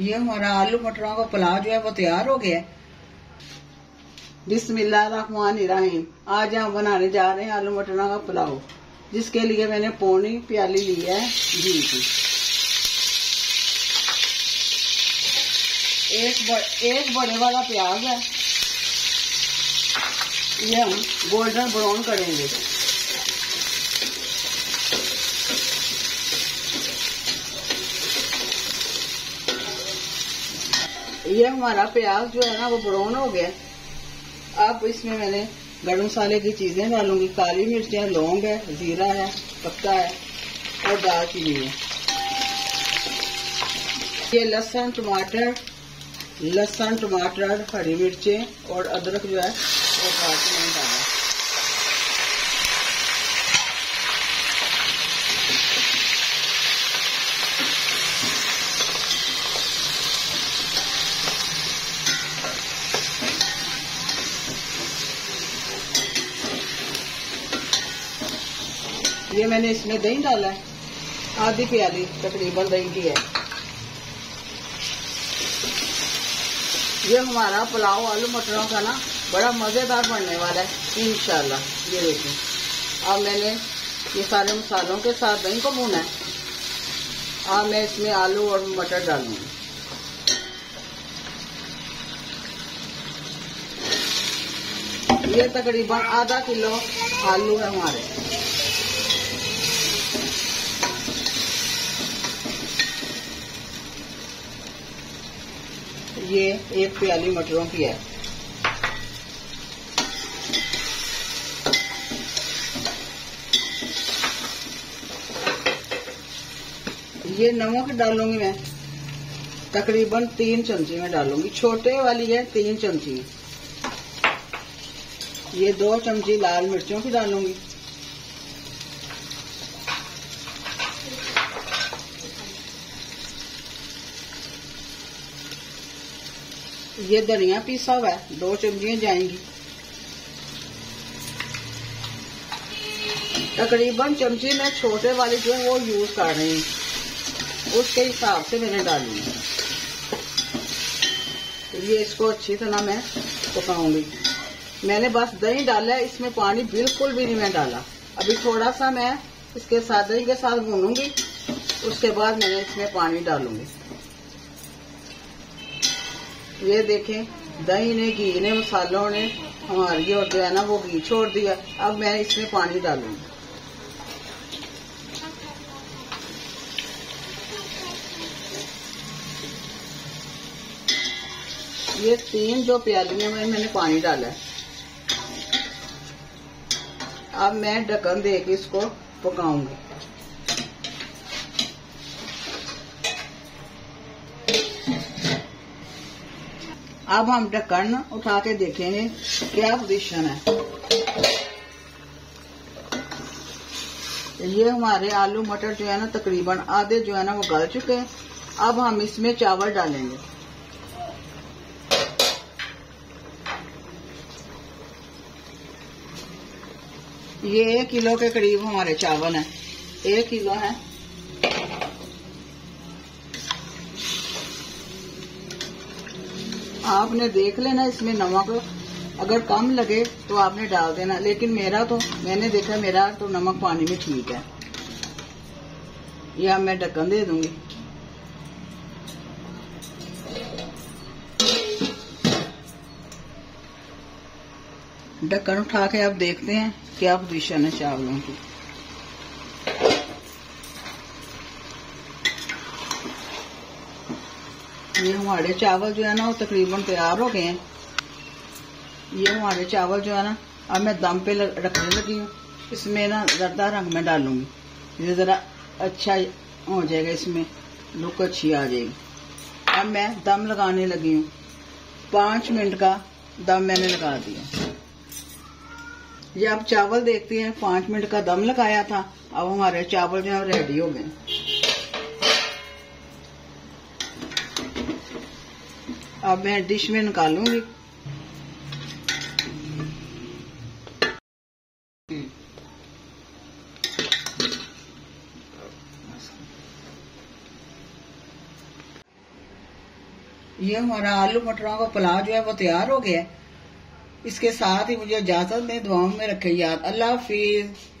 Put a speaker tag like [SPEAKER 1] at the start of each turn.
[SPEAKER 1] ये हमारा आलू मटरों का पुलाव जो है वो तैयार हो गया है बिस्मिल्लाहिर्रहमानिर्रहीम आज हम बनाने जा रहे हैं आलू मटरों का पुलाव जिसके लिए मैंने पौनी प्याली ली है घी की एक बड़, एक बड़े वाला प्याज है ये हम गोल्डन ब्राउन करेंगे ये हमारा प्याज जो है ना वो ब्राउन हो गया अब इसमें मैंने गर्म मसाले की चीज़ें डालूंगी काली मिर्च है लौंग है ज़ीरा है पत्ता है और दालचीनी है ये लहसुन टमाटर लहसुन टमाटर हरी मिर्चें और अदरक जो है वो काट में ये मैंने इसमें दही डाला है आधी प्याली तकरीबन दही की है ये हमारा पुलाव आलू मटरों का ना बड़ा मज़ेदार बनने वाला है इनशाला ये देखिए अब मैंने ये सारे मसालों के साथ दही को भूना है अब मैं इसमें आलू और मटर डालूंगी ये तकरीबन आधा किलो आलू है हमारे ये एक प्याली मटरों की है ये नमक डालूंगी मैं तकरीबन तीन चमची में डालूंगी छोटे वाली है तीन चमची ये दो चमची लाल मिर्चों की डालूंगी ये धनिया पीसा हुआ है दो चमचिया जाएंगी तकरीबन चमची मैं छोटे वाली जो वो यूज कर रही हूँ उसके हिसाब से मैंने डाली है तो ये इसको अच्छी तरह मैं पकाऊंगी मैंने बस दही डाला है इसमें पानी बिल्कुल भी नहीं मैं डाला अभी थोड़ा सा मैं इसके साथ दही के साथ भूनूंगी उसके बाद मैंने इसमें पानी डालूंगी ये देखें दही ने घी ने मसालों ने हमारी और जो है ना वो घी छोड़ दिया अब मैं इसमें पानी डालूंगी ये तीन जो प्यालियों में मैंने पानी डाला है अब मैं ढक्कन दे के इसको पकाऊंगी अब हम ढक्कन उठा के देखेंगे क्या पोजीशन है ये हमारे आलू मटर जो है ना तकरीबन आधे जो है ना वो गल चुके हैं अब हम इसमें चावल डालेंगे ये एक किलो के करीब हमारे चावल हैं एक किलो है आपने देख लेना इसमें नमक अगर कम लगे तो आपने डाल देना लेकिन मेरा तो मैंने देखा मेरा तो नमक पानी में ठीक है या मैं ढक्कन दे दूंगी ढक्कन उठा के आप देखते हैं क्या पोजिशन है चावलों की ये हमारे चावल जो है ना वो तकरीबन तैयार हो गए हैं ये हमारे चावल जो है ना अब मैं दम पे रखने लगी हूँ इसमें ना जरदा रंग में डालूंगी ये ज़रा अच्छा हो जाएगा इसमें लुक अच्छी आ जाएगी अब मैं दम लगाने लगी हूँ पांच मिनट का दम मैंने लगा दिया ये आप चावल देखते हैं पांच मिनट का दम लगाया था अब हमारे चावल जो है रेडी हो गए अब मैं डिश में निकालूंगी ये हमारा आलू मटरों का पुलाव जो है वो तैयार हो गया है इसके साथ ही मुझे इजाजत दें दुआओं में रखे याद अल्लाह हाफिज